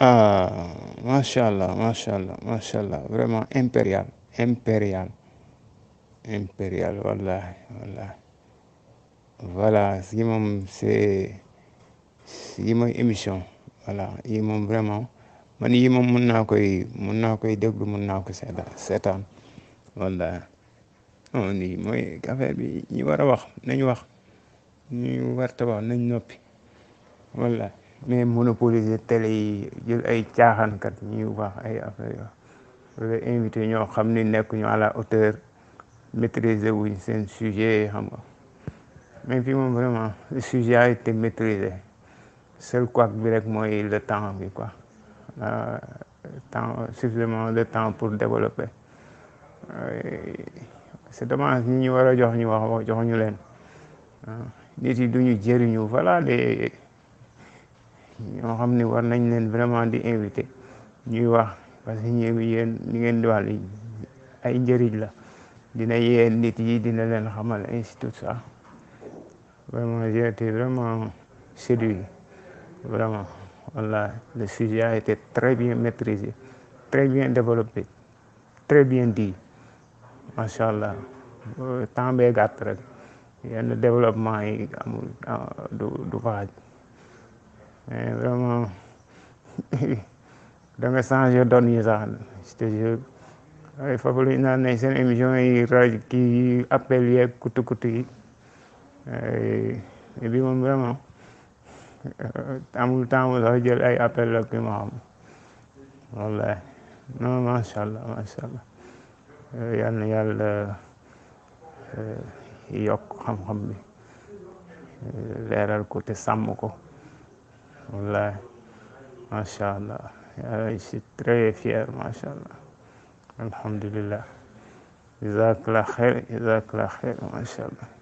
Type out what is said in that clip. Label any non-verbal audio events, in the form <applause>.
ah macha allah macha allah macha allah vraiment impérial impérial impérial wallahi wallahi voilà yi moom c'est yi mooy émission voilà yi moom vraiment man yi moom mun naa koy mun naa koy déglu mun naa ko seetaan seetaan wallahi on yi mooy affaire bi ñu war a wax nañ wax ñu warta wax nañ noppi wallahi mais monopoliser télé yi jël ay caaxaankat ñuy wax ay affaire yoo la invité ñoo xam ni nekkuñu ñu à la hauteur maîtriser wuñ seen sujet xam nga mais fii moom vraiment le sujet a été maîtrisé seul quoi bi rek mooy le temps bi quoi euh, temps suffisamment le temps pour développer euh, c'est dommage ñi ñu war a jox ñu wax jox ñu leen euh, nit yi duñu jëriñu voilà les ñoo xam ne war nañ leen vraiment di invité ñuy wax parce que ñu yéen ñi ngeen di wax ay njëriñ la dina yee nit yi dina leen xamal ainsi sax ça vraiment j'ai été vraiment séduit vraiment voilà le sujet a été très bien maîtrisé très bien développé très bien dit macha allah temps bee gàtt rek yenn développement yi amul du du faaj mais eh, vraiment <laughs> da nga doon donne yi sax je te jure ay fafali naa ne seen émission yi rajo kii appel yeeg kutu kutu yi et eh, bi moom vraiment eh, amul temps mu sax jël ay appel la ma xam wallahi non macha allah macha allah yal na yàlla yokk xam-xam bi leeral ko te sàmm ko wallaay macha allah yaa si très fier macha allah alhamdulillah jazakallah xeer jazakallah xeer macha allah